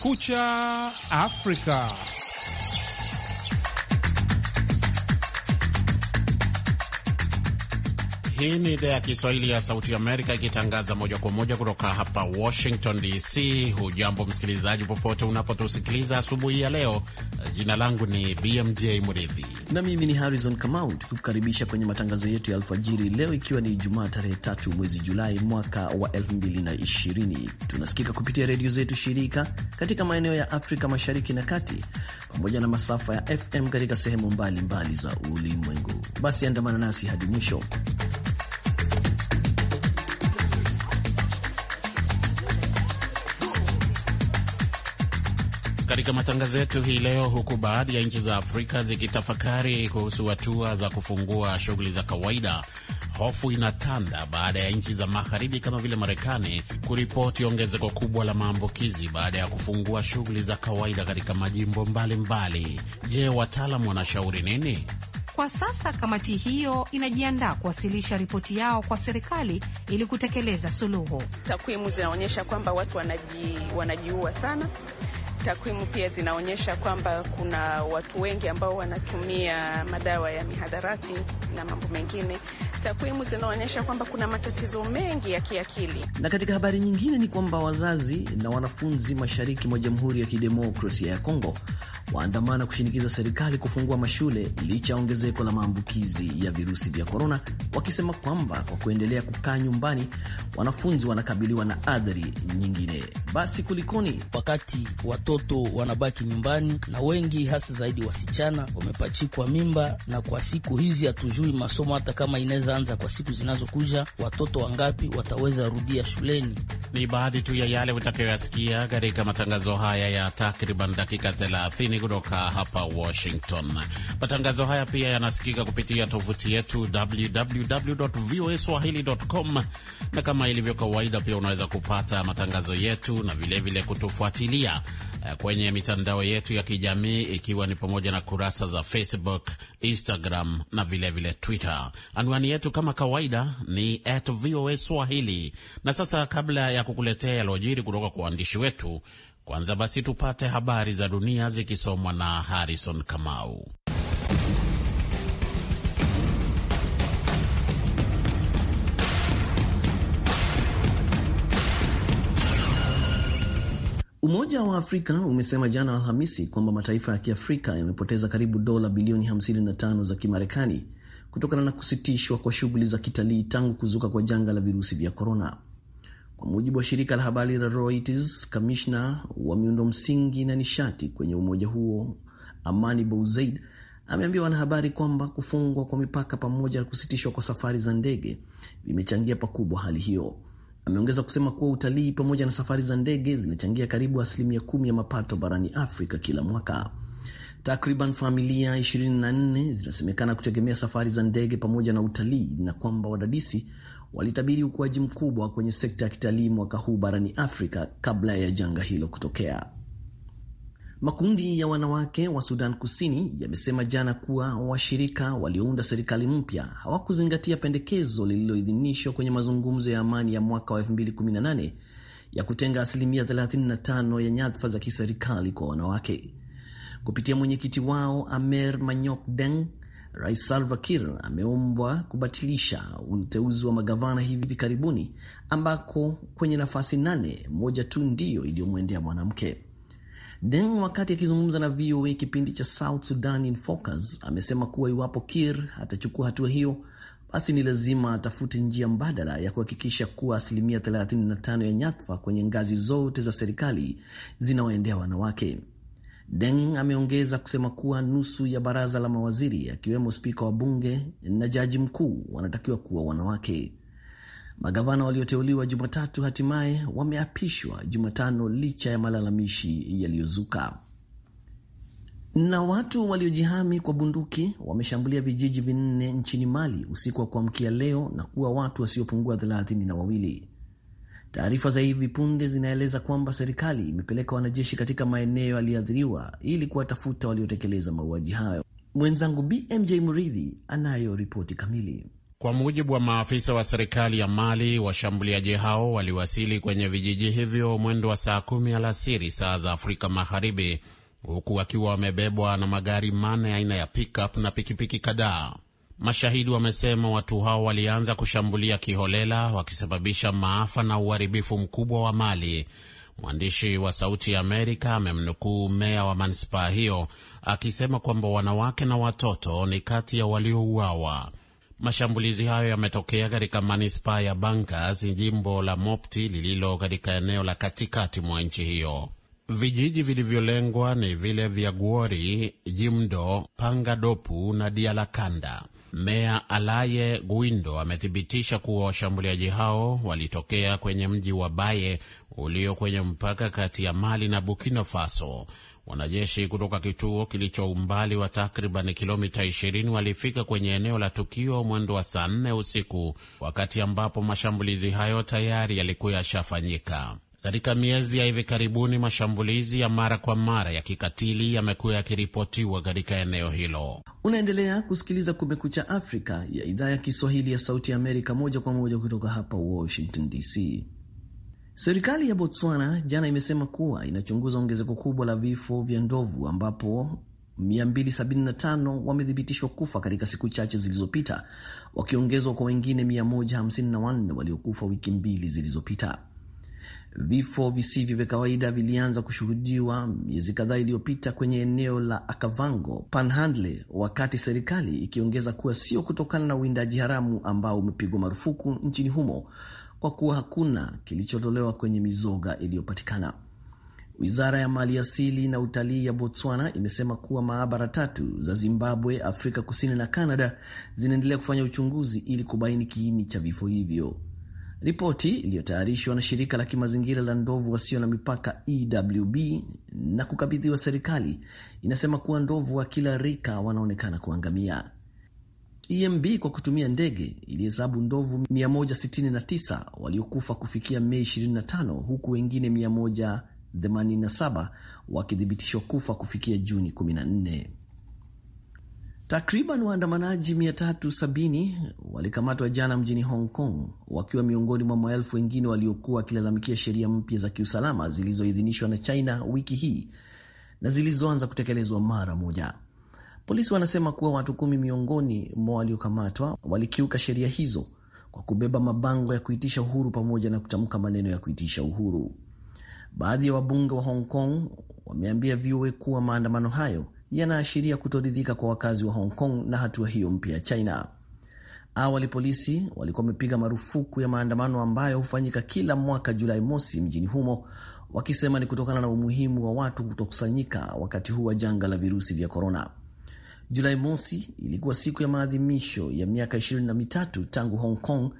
Kumekucha Afrika. Hii ni idhaa ya Kiswahili ya Sauti Amerika ikitangaza moja kwa moja kutoka hapa Washington DC. Hujambo msikilizaji, popote unapotusikiliza asubuhi ya leo, Jina langu ni BMJ mridhi na mimi ni Harrison Kamau, tukikukaribisha kwenye matangazo yetu ya alfajiri leo, ikiwa ni Jumaa tarehe tatu mwezi Julai mwaka wa 2020. Tunasikika kupitia redio zetu shirika katika maeneo ya Afrika Mashariki na Kati pamoja na masafa ya FM katika sehemu mbalimbali mbali za ulimwengu. Basi andamana nasi hadi mwisho. katika matangazo yetu hii leo, huku baadhi ya nchi za Afrika zikitafakari kuhusu hatua za kufungua shughuli za kawaida, hofu inatanda baada ya nchi za magharibi kama vile Marekani kuripoti ongezeko kubwa la maambukizi baada ya kufungua shughuli za kawaida katika majimbo mbalimbali mbali. Je, wataalam wanashauri nini? Kwa sasa kamati hiyo inajiandaa kuwasilisha ripoti yao kwa serikali ili kutekeleza suluhu. Takwimu zinaonyesha kwamba watu wanaji, wanajiua sana takwimu pia zinaonyesha kwamba kuna watu wengi ambao wanatumia madawa ya mihadarati na mambo mengine. Takwimu zinaonyesha kwamba kuna matatizo mengi ya kiakili. Na katika habari nyingine ni kwamba wazazi na wanafunzi mashariki mwa Jamhuri ya Kidemokrasia ya Kongo waandamana kushinikiza serikali kufungua mashule licha ya ongezeko la maambukizi ya virusi vya korona, wakisema kwamba kwa kuendelea kukaa nyumbani wanafunzi wanakabiliwa na adhari nyingine. Basi kulikoni, wakati watoto wanabaki nyumbani na wengi hasa zaidi wasichana wamepachikwa mimba, na kwa siku hizi hatujui masomo hata kama inaweza anza kwa siku zinazokuja, watoto wangapi wataweza rudia shuleni? Ni baadhi tu ya yale utakayoyasikia katika matangazo haya ya takriban dakika 30 Undani kutoka hapa Washington. Matangazo haya pia yanasikika kupitia tovuti yetu www.voaswahili.com, na kama ilivyo kawaida, pia unaweza kupata matangazo yetu na vilevile vile kutufuatilia eh, kwenye mitandao yetu ya kijamii ikiwa ni pamoja na kurasa za Facebook, Instagram na vilevile vile Twitter. Anwani yetu kama kawaida ni at VOA Swahili. Na sasa kabla ya kukuletea yalojiri kutoka kwa waandishi wetu kwanza basi tupate habari za dunia zikisomwa na Harrison Kamau. Umoja wa Afrika umesema jana Alhamisi kwamba mataifa ya Kiafrika yamepoteza karibu dola bilioni 55 za Kimarekani kutokana na kusitishwa kwa shughuli za kitalii tangu kuzuka kwa janga la virusi vya korona. Kwa mujibu wa shirika la habari la Reuters, kamishna wa miundo msingi na nishati kwenye umoja huo Amani Bouzaid ameambia wanahabari kwamba kufungwa kwa mipaka pamoja na kusitishwa kwa safari za ndege vimechangia pakubwa hali hiyo. Ameongeza kusema kuwa utalii pamoja na safari za ndege zinachangia karibu asilimia kumi ya mapato barani Afrika kila mwaka. Takriban familia 24 zinasemekana kutegemea safari za ndege pamoja na utalii, na kwamba wadadisi walitabiri ukuaji mkubwa kwenye sekta ya kitalii mwaka huu barani Afrika kabla ya janga hilo kutokea. Makundi ya wanawake wa Sudan Kusini yamesema jana kuwa washirika waliounda serikali mpya hawakuzingatia pendekezo lililoidhinishwa kwenye mazungumzo ya amani ya mwaka wa 2018 ya kutenga asilimia 35 ya nyadhifa za kiserikali kwa wanawake. Kupitia mwenyekiti wao Amer Manyok Deng, Rais Salva Kiir ameombwa kubatilisha uteuzi wa magavana hivi karibuni, ambako kwenye nafasi nane moja tu ndiyo iliyomwendea mwanamke. Deng wakati akizungumza na VOA kipindi cha South Sudan in Focus, amesema kuwa iwapo Kiir atachukua hatua hiyo, basi ni lazima atafute njia mbadala ya kuhakikisha kuwa asilimia 35 ya nyadhifa kwenye ngazi zote za serikali zinawaendea wanawake. Deng ameongeza kusema kuwa nusu ya baraza la mawaziri akiwemo spika wa bunge na jaji mkuu wanatakiwa kuwa wanawake. Magavana walioteuliwa Jumatatu hatimaye wameapishwa Jumatano licha ya malalamishi yaliyozuka. Na watu waliojihami kwa bunduki wameshambulia vijiji vinne nchini Mali usiku wa kuamkia leo na kuwa watu wasiopungua thelathini na wawili. Taarifa za hivi punde zinaeleza kwamba serikali imepeleka wanajeshi katika maeneo yaliyoathiriwa ili kuwatafuta waliotekeleza mauaji hayo. Mwenzangu BMJ Muridhi anayo ripoti kamili. Kwa mujibu wa maafisa wa serikali ya Mali, washambuliaji hao waliwasili kwenye vijiji hivyo mwendo wa saa kumi alasiri saa za Afrika Magharibi, huku wakiwa wamebebwa na magari manne aina ya pickup na pikipiki kadhaa. Mashahidi wamesema watu hao walianza kushambulia kiholela, wakisababisha maafa na uharibifu mkubwa wa mali. Mwandishi wa Sauti ya Amerika amemnukuu meya wa manispaa hiyo akisema kwamba wanawake na watoto ni kati ya waliouawa. Mashambulizi hayo yametokea katika manispaa ya Bankas, jimbo la Mopti lililo katika eneo la katikati mwa nchi hiyo. Vijiji vilivyolengwa ni vile vya Guori, Jimdo, Pangadopu na Dialakanda. Meya Alaye Guindo amethibitisha kuwa washambuliaji hao walitokea kwenye mji wa Baye ulio kwenye mpaka kati ya Mali na Burkina Faso. Wanajeshi kutoka kituo kilicho umbali wa takriban kilomita 20 walifika kwenye eneo la tukio mwendo wa saa nne usiku, wakati ambapo mashambulizi hayo tayari yalikuwa yashafanyika. Katika miezi ya hivi karibuni, mashambulizi ya mara kwa mara ya kikatili yamekuwa yakiripotiwa katika eneo hilo. Unaendelea kusikiliza Kumekucha Afrika ya idhaa ya Kiswahili ya Sauti Amerika, moja kwa moja kutoka hapa Washington DC. Serikali ya Botswana jana imesema kuwa inachunguza ongezeko kubwa la vifo vya ndovu ambapo 275 wamethibitishwa kufa katika siku chache zilizopita, wakiongezwa kwa wengine 154 waliokufa wiki mbili zilizopita. Vifo visivyo vya kawaida vilianza kushuhudiwa miezi kadhaa iliyopita kwenye eneo la Akavango Panhandle, wakati serikali ikiongeza kuwa sio kutokana na uwindaji haramu ambao umepigwa marufuku nchini humo kwa kuwa hakuna kilichotolewa kwenye mizoga iliyopatikana. Wizara ya mali asili na utalii ya Botswana imesema kuwa maabara tatu za Zimbabwe, Afrika Kusini na canada zinaendelea kufanya uchunguzi ili kubaini kiini cha vifo hivyo. Ripoti iliyotayarishwa na shirika la kimazingira la ndovu wasio na mipaka EWB na kukabidhiwa serikali inasema kuwa ndovu wa kila rika wanaonekana kuangamia. EMB kwa kutumia ndege ilihesabu ndovu 169 waliokufa kufikia Mei 25 huku wengine 187 wakithibitishwa kufa kufikia Juni 14. Takriban waandamanaji 370 walikamatwa jana mjini Hong Kong wakiwa miongoni mwa maelfu wengine waliokuwa wakilalamikia sheria mpya za kiusalama zilizoidhinishwa na China wiki hii na zilizoanza kutekelezwa mara moja. Polisi wanasema kuwa watu kumi miongoni mwa waliokamatwa walikiuka sheria hizo kwa kubeba mabango ya kuitisha uhuru pamoja na kutamka maneno ya kuitisha uhuru. Baadhi ya wabunge wa Hong Kong wameambia VOA kuwa maandamano hayo yanaashiria kutoridhika kwa wakazi wa Hong Kong na hatua hiyo mpya ya China. Awali polisi walikuwa wamepiga marufuku ya maandamano ambayo hufanyika kila mwaka Julai mosi mjini humo, wakisema ni kutokana na umuhimu wa watu kutokusanyika wakati huu wa janga la virusi vya korona. Julai mosi ilikuwa siku ya maadhimisho ya miaka ishirini na mitatu tangu Hong Kong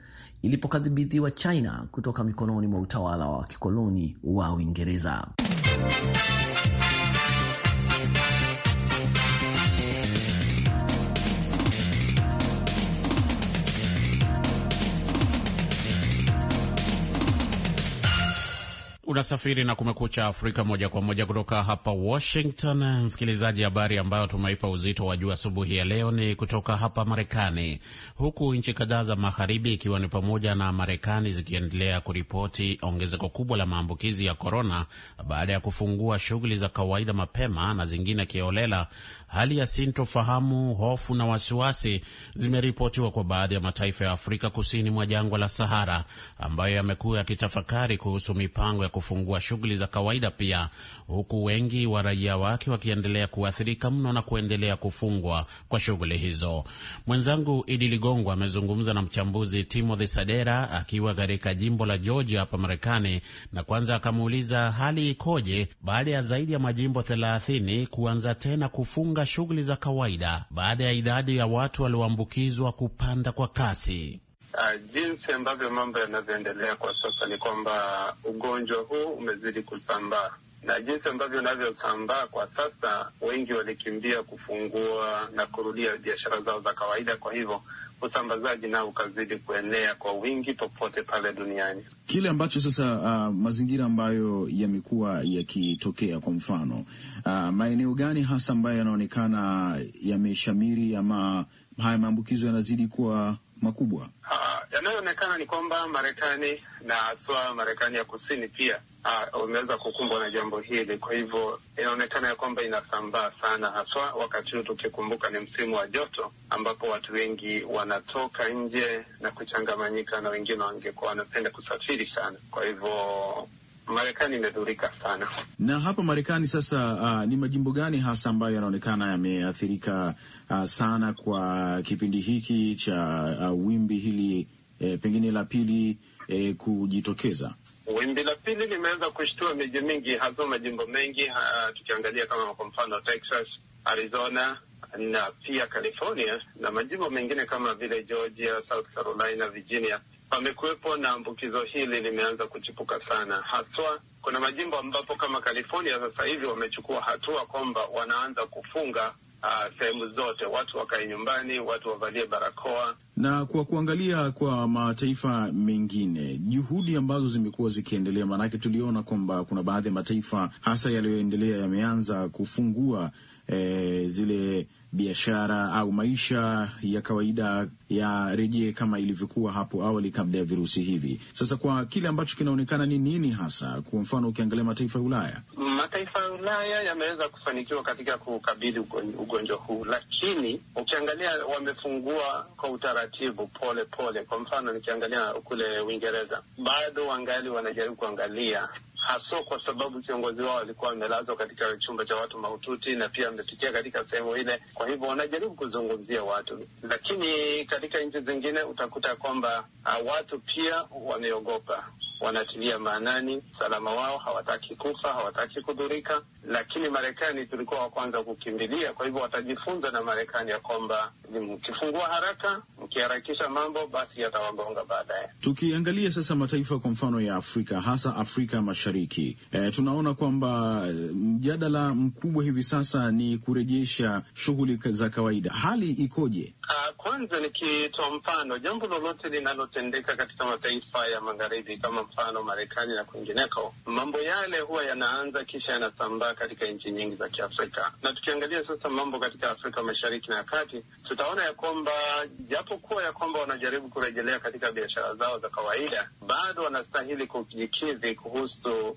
ilipokadhibitiwa China kutoka mikononi mwa utawala wa kikoloni wa Uingereza. Unasafiri na Kumekucha Afrika moja kwa moja kutoka hapa Washington. Msikilizaji, habari ambayo tumeipa uzito wa juu asubuhi ya leo ni kutoka hapa Marekani, huku nchi kadhaa za magharibi ikiwa ni pamoja na Marekani zikiendelea kuripoti ongezeko kubwa la maambukizi ya korona baada ya kufungua shughuli za kawaida mapema na zingine kiolela, hali ya sintofahamu, hofu na wasiwasi zimeripotiwa kwa baadhi ya mataifa ya Afrika kusini mwa jangwa la Sahara ambayo yamekuwa yakitafakari kuhusu mipango ya kufungua shughuli za kawaida pia, huku wengi wa raia wake wakiendelea kuathirika mno na kuendelea kufungwa kwa shughuli hizo. Mwenzangu Idi Ligongo amezungumza na mchambuzi Timothy Sadera akiwa katika jimbo la Georgia hapa Marekani, na kwanza akamuuliza hali ikoje baada ya zaidi ya majimbo 30 kuanza tena kufunga shughuli za kawaida baada ya idadi ya watu walioambukizwa kupanda kwa kasi. Uh, jinsi ambavyo mambo yanavyoendelea kwa sasa ni kwamba ugonjwa huu umezidi kusambaa na jinsi ambavyo unavyosambaa kwa sasa, wengi walikimbia kufungua na kurudia biashara zao za kawaida. Kwa hivyo usambazaji nao ukazidi kuenea kwa wingi popote pale duniani. Kile ambacho sasa, uh, mazingira ambayo yamekuwa yakitokea, kwa mfano uh, maeneo gani hasa ambayo yanaonekana yameshamiri ama haya maambukizo yanazidi kuwa makubwa? Uh, yanayoonekana ni kwamba Marekani na haswa Marekani ya kusini pia ah, wameweza uh, kukumbwa na jambo hili. Kwa hivyo inaonekana ya kwamba inasambaa sana, haswa wakati huu tukikumbuka ni msimu wa joto, ambapo watu wengi wanatoka nje na kuchangamanyika, na wengine wangekuwa wanapenda kusafiri sana. Kwa hivyo Marekani imedhurika sana. Na hapa Marekani sasa, uh, ni majimbo gani hasa ambayo yanaonekana yameathirika uh, sana kwa kipindi hiki cha uh, wimbi hili eh, pengine la pili eh, kujitokeza? Wimbi la pili limeanza kushtua miji mingi, hasa majimbo mengi uh, tukiangalia kama kwa mfano Texas, Arizona na pia California na majimbo mengine kama vile Georgia, South Carolina, Virginia pamekuwepo na ambukizo hili limeanza kuchipuka sana, haswa kuna majimbo ambapo kama California sasa hivi wamechukua hatua kwamba wanaanza kufunga uh, sehemu zote, watu wakae nyumbani, watu wavalie barakoa. Na kwa kuangalia kwa mataifa mengine, juhudi ambazo zimekuwa zikiendelea, maanake tuliona kwamba kuna baadhi ya mataifa hasa yaliyoendelea yameanza kufungua eh, zile biashara au maisha ya kawaida ya rejee kama ilivyokuwa hapo awali kabla ya virusi hivi. Sasa kwa kile ambacho kinaonekana ni nini hasa, kwa mfano ukiangalia mataifa ya Ulaya, mataifa ya Ulaya yameweza kufanikiwa katika kukabili ugonjwa huu, lakini ukiangalia wamefungua kwa utaratibu pole pole. Kwa mfano nikiangalia kule Uingereza, bado wangali wanajaribu kuangalia haswa kwa sababu kiongozi wao alikuwa amelazwa katika chumba cha watu mahututi na pia amefikia katika sehemu ile. Kwa hivyo wanajaribu kuzungumzia watu, lakini katika nchi zingine utakuta kwamba ah, watu pia wameogopa, wanatilia maanani usalama wao, hawataki kufa, hawataki kudhurika lakini Marekani tulikuwa wa kwanza kukimbilia. Kwa hivyo watajifunza na Marekani ya kwamba mkifungua haraka, mkiharakisha mambo, basi yatawagonga baadaye. Tukiangalia sasa mataifa kwa mfano ya Afrika, hasa Afrika Mashariki, e, tunaona kwamba eh, mjadala mkubwa hivi sasa ni kurejesha shughuli za kawaida. Hali ikoje? A, ah, kwanza nikitoa mfano, jambo lolote linalotendeka katika mataifa ya magharibi kama mfano Marekani na kwingineko, mambo yale huwa yanaanza kisha yanasambaa katika nchi nyingi za Kiafrika. Na tukiangalia sasa mambo katika Afrika Mashariki na ya Kati, tutaona ya kwamba japokuwa ya kwamba wanajaribu kurejelea katika biashara zao za kawaida, bado wanastahili kujikidhi kuhusu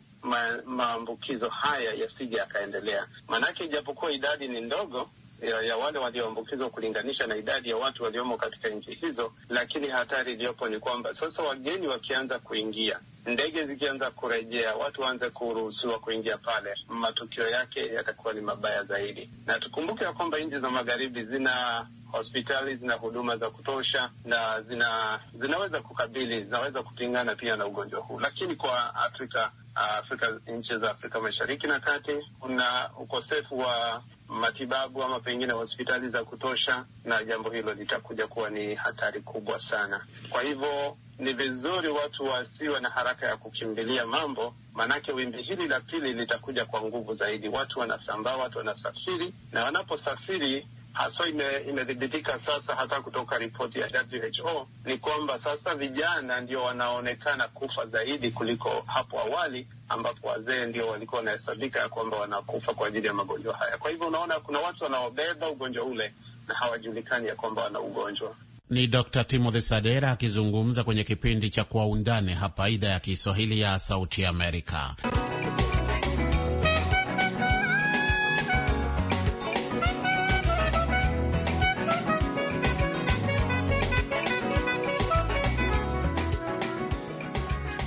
maambukizo haya yasije yakaendelea, maanake ijapokuwa idadi ni ndogo ya, ya wale walioambukizwa kulinganisha na idadi ya watu waliomo katika nchi hizo, lakini hatari iliyopo ni kwamba sasa wageni wakianza kuingia ndege zikianza kurejea, watu waanze kuruhusiwa kuingia pale, matukio yake yatakuwa ni mabaya zaidi. Na tukumbuke ya kwamba nchi za magharibi zina hospitali zina huduma za kutosha na zina zinaweza kukabili zinaweza kupingana pia na ugonjwa huu, lakini kwa Afrika Afrika nchi za Afrika Mashariki na Kati kuna ukosefu wa matibabu ama pengine hospitali za kutosha, na jambo hilo litakuja kuwa ni hatari kubwa sana. Kwa hivyo ni vizuri watu wasiwe na haraka ya kukimbilia mambo, maanake wimbi hili la pili litakuja kwa nguvu zaidi. Watu wanasambaa, watu wanasafiri, na wanaposafiri haswa imedhibitika ime sasa, hata kutoka ripoti ya WHO ni kwamba sasa vijana ndio wanaonekana kufa zaidi kuliko hapo awali, ambapo wazee ndio walikuwa wanahesabika ya kwamba wanakufa kwa ajili ya magonjwa haya. Kwa hivyo unaona kuna watu wanaobeba ugonjwa ule na hawajulikani ya kwamba wana ugonjwa. Ni Dr Timothy Sadera akizungumza kwenye kipindi cha Kwa Undani hapa idhaa ya Kiswahili ya Sauti Amerika.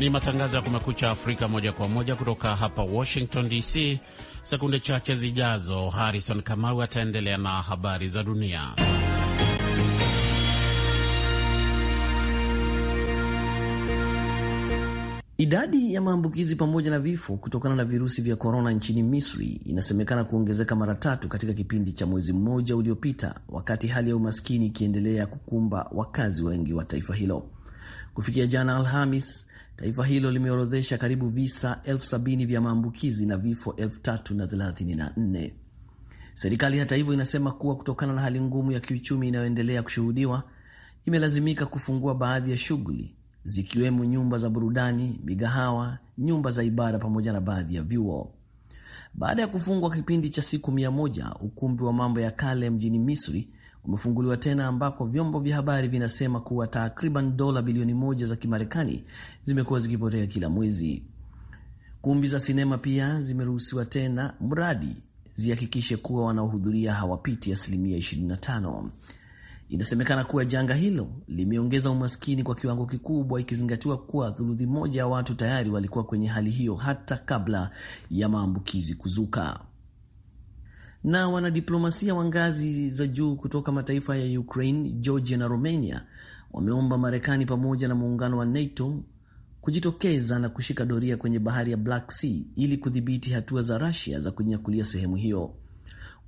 Ni matangazo ya Kumekucha Afrika moja kwa moja kutoka hapa Washington DC. Sekunde chache zijazo, Harrison Kamau ataendelea na habari za dunia. Idadi ya maambukizi pamoja na vifo kutokana na virusi vya korona nchini Misri inasemekana kuongezeka mara tatu katika kipindi cha mwezi mmoja uliopita, wakati hali ya umaskini ikiendelea kukumba wakazi wengi wa taifa hilo. Kufikia jana Alhamis, taifa hilo limeorodhesha karibu visa elfu sabini vya maambukizi na vifo elfu tatu na thelathini na nne. Serikali hata hivyo inasema kuwa kutokana na hali ngumu ya kiuchumi inayoendelea kushuhudiwa imelazimika kufungua baadhi ya shughuli zikiwemo nyumba za burudani, migahawa, nyumba za ibada pamoja na baadhi ya vyuo. Baada ya kufungwa kipindi cha siku mia moja, ukumbi wa mambo ya kale mjini Misri umefunguliwa tena, ambako vyombo vya habari vinasema kuwa takriban dola bilioni moja za Kimarekani zimekuwa zikipotea kila mwezi. Kumbi za sinema pia zimeruhusiwa tena, mradi zihakikishe kuwa wanaohudhuria hawapiti asilimia 25. Inasemekana kuwa janga hilo limeongeza umaskini kwa kiwango kikubwa, ikizingatiwa kuwa thuluthi moja ya watu tayari walikuwa kwenye hali hiyo hata kabla ya maambukizi kuzuka. Na wanadiplomasia wa ngazi za juu kutoka mataifa ya Ukraine, Georgia na Romania wameomba Marekani pamoja na muungano wa NATO kujitokeza na kushika doria kwenye bahari ya Black Sea ili kudhibiti hatua za Russia za kunyakulia sehemu hiyo.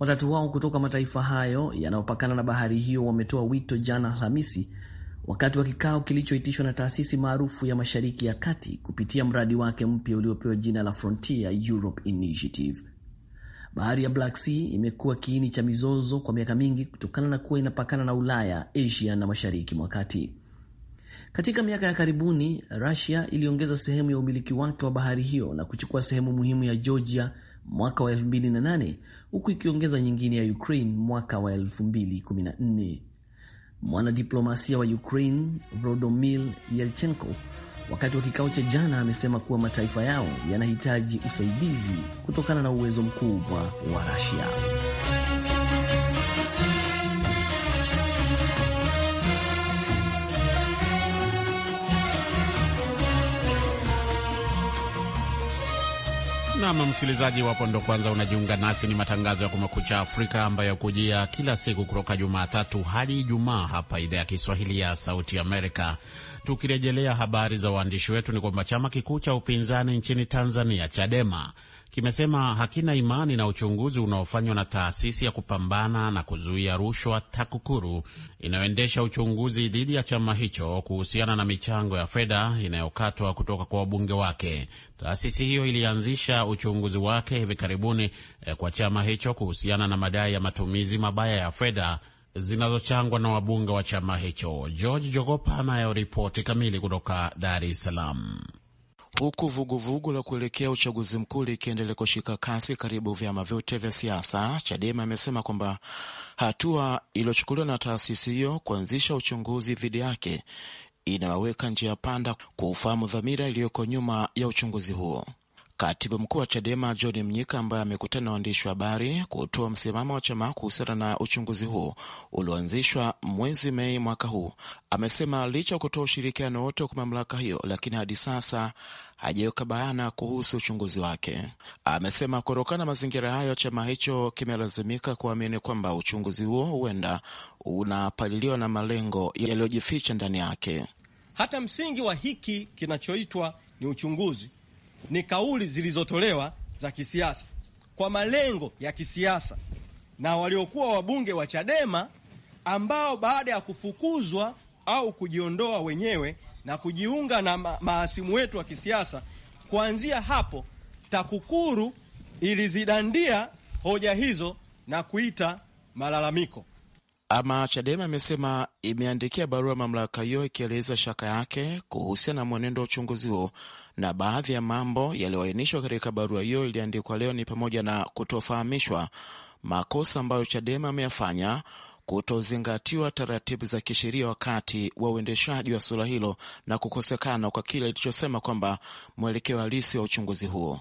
Watatu wao kutoka mataifa hayo yanayopakana na bahari hiyo wametoa wito jana Alhamisi wakati wa kikao kilichoitishwa na taasisi maarufu ya Mashariki ya Kati kupitia mradi wake mpya uliopewa jina la Frontier Europe Initiative. Bahari ya Black Sea imekuwa kiini cha mizozo kwa miaka mingi kutokana na kuwa inapakana na Ulaya, Asia na Mashariki mwa Kati. Katika miaka ya karibuni, Russia iliongeza sehemu ya umiliki wake wa bahari hiyo na kuchukua sehemu muhimu ya Georgia mwaka wa 2008 huku ikiongeza nyingine ya Ukraine mwaka wa 2014. Mwanadiplomasia wa Ukraine Volodymyr Yelchenko wakati wa kikao cha jana amesema kuwa mataifa yao yanahitaji usaidizi kutokana na uwezo mkubwa wa Russia. Nam msikilizaji wapo ndo kwanza unajiunga nasi, ni matangazo ya Kumekucha Afrika ambayo kujia kila siku kutoka Jumatatu hadi Ijumaa hapa idhaa ya Kiswahili ya Sauti Amerika. Tukirejelea habari za waandishi wetu, ni kwamba chama kikuu cha upinzani nchini Tanzania, Chadema, kimesema hakina imani na uchunguzi unaofanywa na taasisi ya kupambana na kuzuia rushwa TAKUKURU inayoendesha uchunguzi dhidi ya chama hicho kuhusiana na michango ya fedha inayokatwa kutoka kwa wabunge wake. Taasisi hiyo ilianzisha uchunguzi wake hivi karibuni eh, kwa chama hicho kuhusiana na madai ya matumizi mabaya ya fedha zinazochangwa na wabunge wa chama hicho. George Jogopa anayo ripoti kamili kutoka Dar es Salaam huku vuguvugu la kuelekea uchaguzi mkuu likiendelea kushika kasi karibu vyama vyote vya siasa, Chadema amesema kwamba hatua iliyochukuliwa na taasisi hiyo kuanzisha uchunguzi dhidi yake inawaweka njia panda kuufahamu dhamira iliyoko nyuma ya uchunguzi huo. Katibu mkuu wa Chadema John Mnyika, ambaye amekutana na waandishi wa habari kutoa msimamo wa chama kuhusiana na uchunguzi huo ulioanzishwa mwezi Mei mwaka huu, amesema licha ya kutoa ushirikiano wote kwa mamlaka hiyo, lakini hadi sasa hajaweka bayana kuhusu uchunguzi wake. Amesema kutokana na mazingira hayo, chama hicho kimelazimika kuamini kwamba uchunguzi huo huenda unapaliliwa na malengo yaliyojificha ndani yake. Hata msingi wa hiki kinachoitwa ni uchunguzi ni kauli zilizotolewa za kisiasa kwa malengo ya kisiasa na waliokuwa wabunge wa Chadema ambao baada ya kufukuzwa au kujiondoa wenyewe na kujiunga na ma wetu wa kisiasa. Kuanzia hapo, TAKUKURU ilizidandia hoja hizo na kuita malalamiko. Ama Chadema imesema imeandikia barua mamlaka hiyo ikieleza shaka yake kuhusiana na mwenendo wa uchunguzi huo, na baadhi ya mambo yaliyoainishwa katika barua hiyo iliandikwa leo ni pamoja na kutofahamishwa makosa ambayo Chadema ameyafanya kutozingatiwa taratibu za kisheria wakati wa uendeshaji wa suala hilo na kukosekana kwa kile ilichosema kwamba mwelekeo halisi wa uchunguzi huo.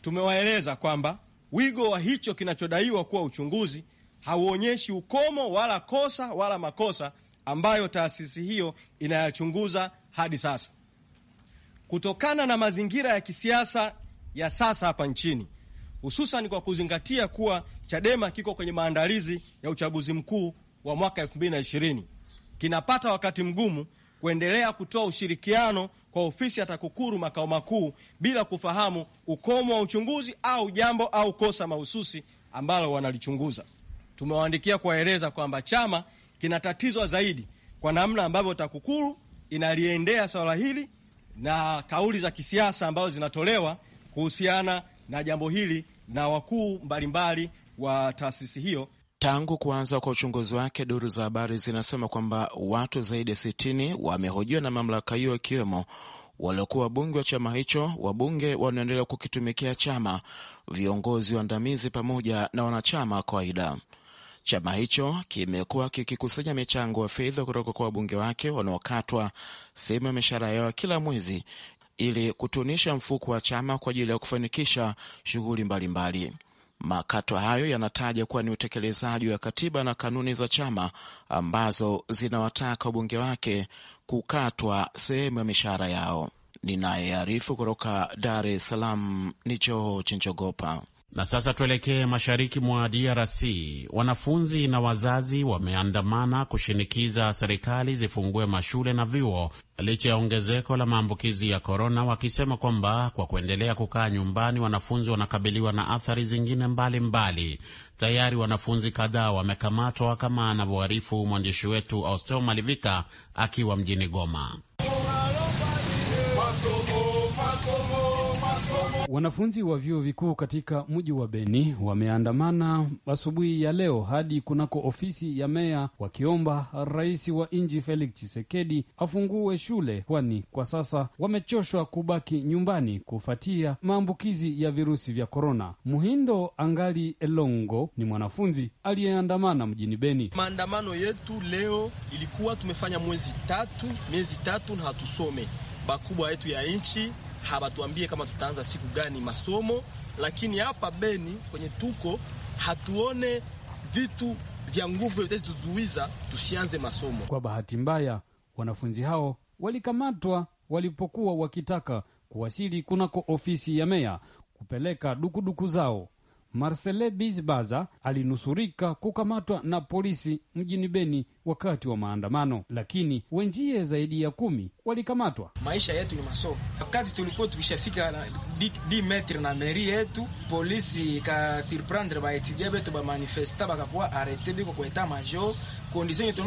Tumewaeleza kwamba wigo wa hicho kinachodaiwa kuwa uchunguzi hauonyeshi ukomo wala kosa wala makosa ambayo taasisi hiyo inayachunguza hadi sasa. Kutokana na mazingira ya kisiasa ya sasa hapa nchini hususan kwa kuzingatia kuwa Chadema kiko kwenye maandalizi ya uchaguzi mkuu wa mwaka 2020 kinapata wakati mgumu kuendelea kutoa ushirikiano kwa ofisi ya TAKUKURU makao makuu bila kufahamu ukomo wa uchunguzi au jambo au kosa mahususi ambalo wanalichunguza. Tumewaandikia kuwaeleza kwamba chama kinatatizwa zaidi kwa namna ambavyo TAKUKURU inaliendea swala hili na kauli za kisiasa ambazo zinatolewa kuhusiana na jambo hili na wakuu mbalimbali wa taasisi hiyo. Tangu kuanza kwa uchunguzi wake, duru za habari zinasema kwamba watu zaidi ya sitini wamehojiwa na mamlaka hiyo, wakiwemo waliokuwa wabunge wa chama hicho, wabunge wanaendelea kukitumikia chama, viongozi waandamizi, pamoja na wanachama wa kawaida. Chama hicho kimekuwa kikikusanya michango ya fedha kutoka kwa wabunge wake wanaokatwa sehemu ya mishahara yao kila mwezi ili kutunisha mfuko wa chama kwa ajili ya kufanikisha shughuli mbalimbali. Makato hayo yanataja kuwa ni utekelezaji wa katiba na kanuni za chama ambazo zinawataka wabunge wake kukatwa sehemu ya mishahara yao. Ninayearifu kutoka Dar es Salaam ni George Chinjogopa. Na sasa tuelekee mashariki mwa DRC. Wanafunzi na wazazi wameandamana kushinikiza serikali zifungue mashule na vyuo licha ya ongezeko la maambukizi ya korona, wakisema kwamba kwa kuendelea kukaa nyumbani wanafunzi wanakabiliwa na athari zingine mbalimbali mbali. Tayari wanafunzi kadhaa wamekamatwa kama anavyoarifu mwandishi wetu Austel Malivika akiwa mjini Goma. Wanafunzi wa vyuo vikuu katika mji wa Beni wameandamana asubuhi ya leo hadi kunako ofisi ya meya wakiomba rais wa nchi Felix Tshisekedi afungue shule, kwani kwa sasa wamechoshwa kubaki nyumbani kufuatia maambukizi ya virusi vya korona. Muhindo Angali Elongo ni mwanafunzi aliyeandamana mjini Beni. Maandamano yetu leo ilikuwa tumefanya mwezi tatu, miezi tatu na hatusome bakubwa yetu ya nchi hawatuambie kama tutaanza siku gani masomo, lakini hapa Beni kwenye tuko hatuone vitu vya nguvu tuzuiza tusianze masomo. Kwa bahati mbaya, wanafunzi hao walikamatwa walipokuwa wakitaka kuwasili kunako ofisi ya meya kupeleka dukuduku zao Marcele Bizbaza alinusurika kukamatwa na polisi mjini Beni wakati wa maandamano, lakini wenzie zaidi ya kumi walikamatwa. Maisha yetu ni masomo. Wakati tulikuwa tukishafika di, metre na meri yetu, polisi ikasurprendre baetudia betu bamanifesta bakakuwa arete biko kwa eta major kondision yetu,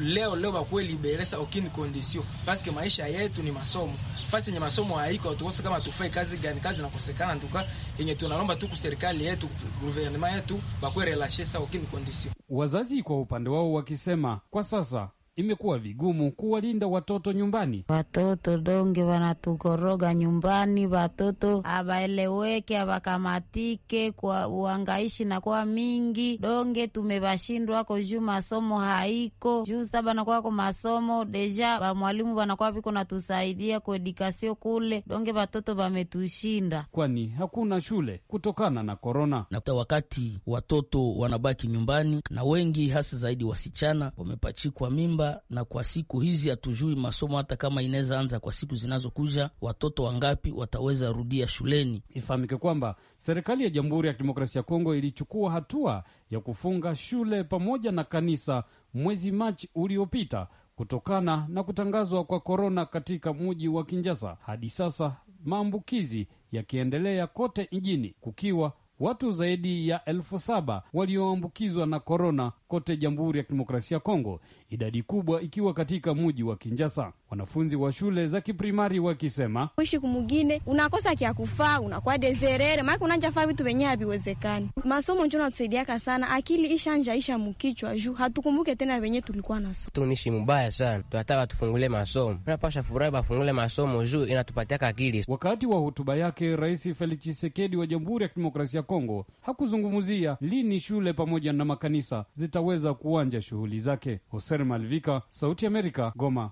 leo leo bakuwe liberesa okini kondision paske maisha yetu ni masomo fasi yenye masomo haiko, tukose kama tufai kazi gani? Kazi unakosekana nduka yenye tunalomba tu ku serikali yetu guvernema yetu bakwe relashe sa kini condition. Wazazi kwa upande wao wakisema kwa sasa imekuwa vigumu kuwalinda watoto nyumbani. Watoto donge wanatukoroga nyumbani, watoto abaeleweke, abakamatike kwa uangaishi na kwa mingi donge tumevashindwako juu masomo haiko juu saba nakwako masomo deja bamwalimu banakuwa viko natusaidia kuedikasio kule donge watoto vametushinda, kwani hakuna shule kutokana na korona, nakuta wakati watoto wanabaki nyumbani na wengi hasa zaidi wasichana wamepachikwa mimba kubwa, na kwa siku hizi hatujui masomo hata kama inaweza anza kwa siku zinazokuja, watoto wangapi wataweza rudia shuleni. Ifahamike kwamba serikali ya Jamhuri ya Kidemokrasia ya Kongo ilichukua hatua ya kufunga shule pamoja na kanisa mwezi Machi uliopita kutokana na kutangazwa kwa korona katika mji wa Kinjasa. Hadi sasa maambukizi yakiendelea kote nchini kukiwa watu zaidi ya elfu saba walioambukizwa na korona kote Jamhuri ya Kidemokrasia ya Kongo, idadi kubwa ikiwa katika muji wa Kinjasa, wanafunzi wa shule za kiprimari wakisema kuishi kumugine unakosa kya kufaa unakuwa dezerere maake unanjafaa vitu venyewe haviwezekani. Masomo njo natusaidiaka sana, akili ishanja isha mukichwa juu hatukumbuke tena venye tulikuwa naso. Tunishi mubaya sana tunataka watufungule masomo, napasha furahi bafungule masomo juu inatupatiaka akili. Wakati wa hotuba yake Rais Felix chisekedi wa Jamhuri ya Kidemokrasia ya Kongo hakuzungumzia lini shule pamoja na makanisa zitaweza kuanja shughuli zake Hose Oser Malvika, Sauti Amerika, Goma.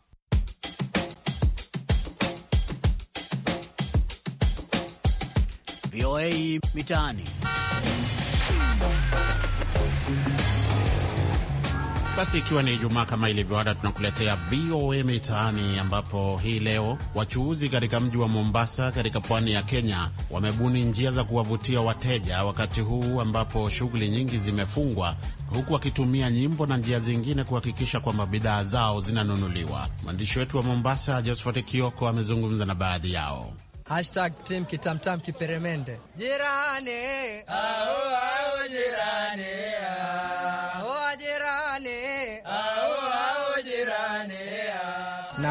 VOA Mitaani. Basi ikiwa ni Ijumaa kama ilivyo ada, tunakuletea VOA Mitaani, ambapo hii leo wachuuzi katika mji wa Mombasa katika pwani ya Kenya wamebuni njia za kuwavutia wateja wakati huu ambapo shughuli nyingi zimefungwa, huku wakitumia nyimbo na njia zingine kuhakikisha kwamba bidhaa zao zinanunuliwa. Mwandishi wetu wa Mombasa Josephat Kioko amezungumza na baadhi yao. Hashtag team kitamtam kiperemende jirani, au au jirani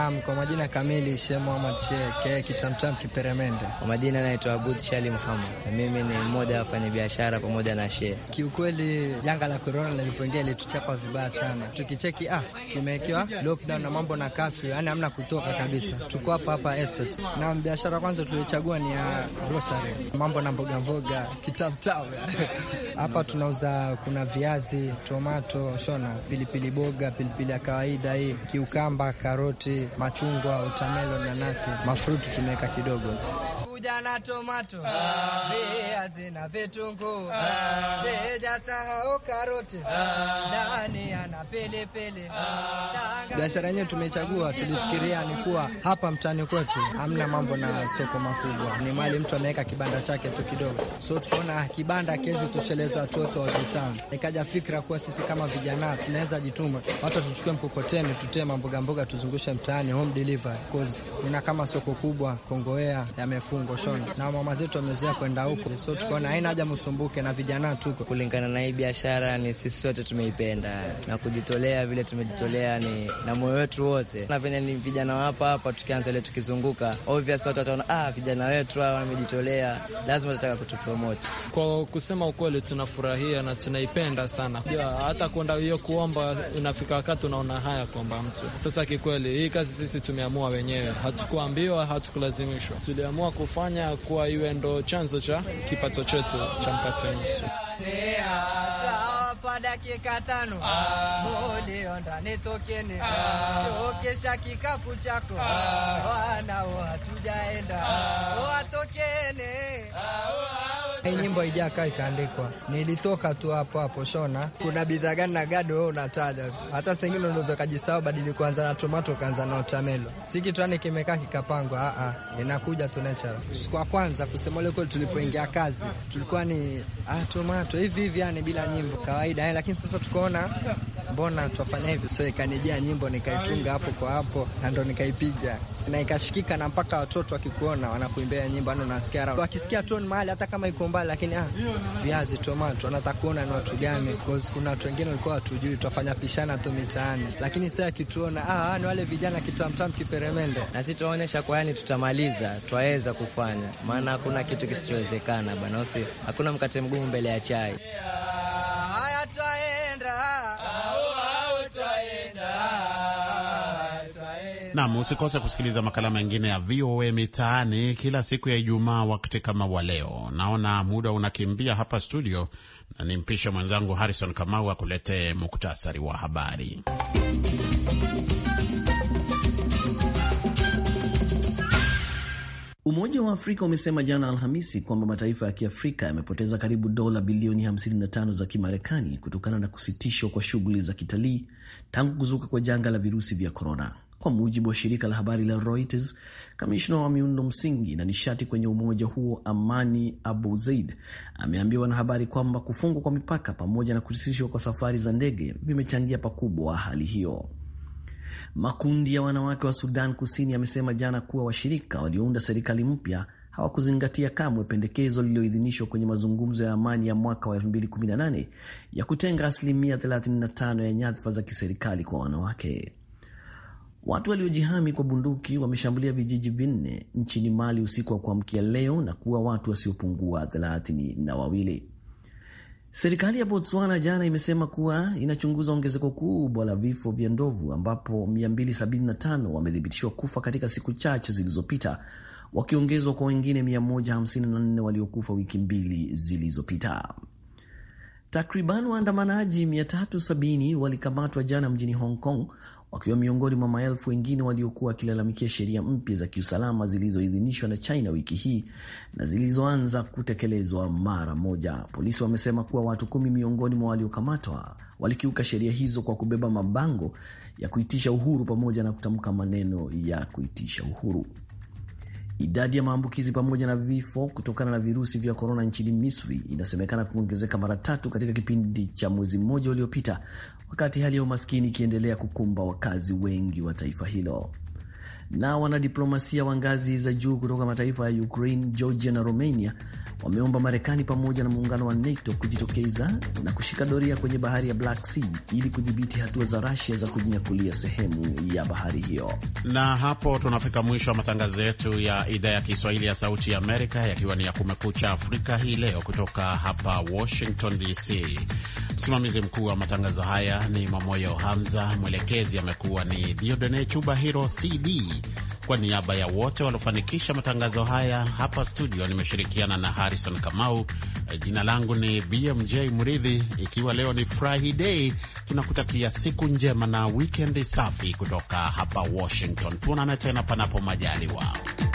Naam, kwa majina kamili Sheikh Muhammad Sheikh Kitamtam Kiperemende. Kwa majina naitwa Abud Shali Muhammad. mimi ni mmoja wa wafanyabiashara pamoja na Sheikh. Kiukweli janga la corona lilipoingia ilituchapa vibaya sana. Tukicheki ah, tumewekewa lockdown na mambo na curfew, yani hamna kutoka kabisa. Tuko hapa hapa Esot. Na biashara kwanza tulichagua ni ya grocery. Mambo na mboga mboga Kitamtam. Hapa tunauza kuna viazi, tomato, shona, pilipili boga, pilipili ya kawaida hii, kiukamba, karoti machungwa, watermelon, nanasi, mafruti tumeweka kidogo na tomato, ah. viazi na vitungu vitunguu, ah. sijasahau karoti, ah. dania na pilipili. Biashara yenyewe tumechagua, tulifikiria ni kuwa hapa mtaani kwetu hamna mambo na soko makubwa, ni mali mtu ameweka kibanda chake tu kidogo, so tukaona kibanda kiwezi tosheleza watu wote wa town. Nikaja fikra kuwa sisi kama vijana tunaweza jituma, watu tuchukue mkokoteni, tutee mambogamboga, tuzungushe mtaani yani home delivery cause nina kama soko kubwa Kongowea yamefungwa shona, na mama zetu wamezoea kwenda huko, so tukaona haina haja msumbuke na vijana tuko. Kulingana na hii biashara, ni sisi sote tumeipenda na kujitolea vile tumejitolea ni na moyo wetu wote, na venye ni vijana hapa hapa, tukianza ile tukizunguka, obvious watu wataona ah, vijana wetu hawa wamejitolea, lazima tutataka kutupromote. Kwa kusema ukweli, tunafurahia na tunaipenda sana, hata kwenda hiyo kuomba, inafika wakati unaona haya kwamba mtu sasa, kikweli hii kazi sisi tumeamua wenyewe, hatukuambiwa, hatukulazimishwa. Tuliamua kufanya kuwa iwe ndo chanzo cha kipato chetu cha mkate nusu dakika tano leo ndani shokesha kikapu chako, ah. wanao hatujaenda Hii nyimbo haijakaa ikaandikwa, nilitoka tu hapo hapo shona. Kuna bidhaa gani na gado wewe unataja tu, hata sengine unaweza kujisahau, badili kuanza na tomato kaanza na otamelo. Si kitu yani kimekaa kikapangwa, a a, inakuja tu natural. Siku ya kwanza kusema ile kweli, tulipoingia kazi tulikuwa ni ah, tomato hivi hivi, yani bila nyimbo kawaida, yaani, lakini sasa tukaona mbona tuwafanya hivi, so ikanijia nyimbo nikaitunga hapo kwa hapo, na ndo nikaipiga na ikashikika, na mpaka watoto wakikuona wanakuimbea nyimbo, ndio yaani nasikia wakisikia tone mahali, hata kama iko mbali, lakini ah, viazi tomato, anataka kuona ni watu gani, cause kuna watu wengine walikuwa hatujui, twafanya pishana tu mitaani, lakini sasa akituona ah, ah ni wale vijana kitamtam kiperemende, na sisi tuwaonyesha kwa yani, tutamaliza, twaweza kufanya, maana hakuna kitu kisichowezekana bana, usi hakuna mkate mgumu mbele ya chai. Nam, usikose kusikiliza makala mengine ya VOA Mitaani kila siku ya Ijumaa wakati kama wa leo. Naona muda unakimbia hapa studio, na nimpishe mwenzangu Harrison Kamau akuletee muktasari wa habari. Umoja wa Afrika umesema jana Alhamisi kwamba mataifa ya Kiafrika yamepoteza karibu dola bilioni 55 za Kimarekani kutokana na kusitishwa kwa shughuli za kitalii tangu kuzuka kwa janga la virusi vya korona kwa mujibu wa shirika la habari la Reuters. Kamishna wa miundo msingi na nishati kwenye umoja huo Amani Abu ameambiwa ameambia wanahabari kwamba kufungwa kwa mipaka pamoja na kusitishwa kwa safari za ndege vimechangia pakubwa hali hiyo. Makundi ya wanawake wa Sudan Kusini yamesema jana kuwa washirika waliounda serikali mpya hawakuzingatia kamwe pendekezo lililoidhinishwa kwenye mazungumzo ya amani ya mwaka wa 2018 ya kutenga asilimia 35 ya nyadhifa za kiserikali kwa wanawake. Watu waliojihami kwa bunduki wameshambulia vijiji vinne nchini Mali usiku wa kuamkia leo na kuwa watu wasiopungua thelathini na wawili. Serikali ya Botswana jana imesema kuwa inachunguza ongezeko kubwa la vifo vya ndovu ambapo 275 wamethibitishwa kufa katika siku chache zilizopita wakiongezwa kwa wengine 154 waliokufa wiki mbili zilizopita. Takriban waandamanaji 370 walikamatwa jana mjini Hong Kong wakiwa miongoni mwa maelfu wengine waliokuwa wakilalamikia sheria mpya za kiusalama zilizoidhinishwa na China wiki hii na zilizoanza kutekelezwa mara moja. Polisi wamesema kuwa watu kumi miongoni mwa waliokamatwa walikiuka sheria hizo kwa kubeba mabango ya kuitisha uhuru pamoja na kutamka maneno ya kuitisha uhuru. Idadi ya maambukizi pamoja na vifo kutokana na virusi vya korona nchini Misri inasemekana kuongezeka mara tatu katika kipindi cha mwezi mmoja uliopita, wakati hali ya umaskini ikiendelea kukumba wakazi wengi wa taifa hilo na wanadiplomasia wa ngazi za juu kutoka mataifa ya Ukraine, Georgia na Romania wameomba Marekani pamoja na muungano wa NATO kujitokeza na kushika doria kwenye bahari ya Black Sea ili kudhibiti hatua za rasia za kujinyakulia sehemu ya bahari hiyo. Na hapo tunafika mwisho wa matangazo yetu ya idhaa ya Kiswahili ya Sauti ya Amerika, yakiwa ni ya Kumekucha Afrika hii leo kutoka hapa Washington DC. Msimamizi mkuu wa matangazo haya ni Mamoyo Hamza, mwelekezi amekuwa ni Diodone Chuba Hiro CD. Kwa niaba ya wote waliofanikisha matangazo haya hapa studio, nimeshirikiana na Harrison Kamau. Jina langu ni BMJ Mridhi. Ikiwa leo ni Friday, tunakutakia siku njema na wikendi safi kutoka hapa Washington. Tuonane tena panapo majaliwa.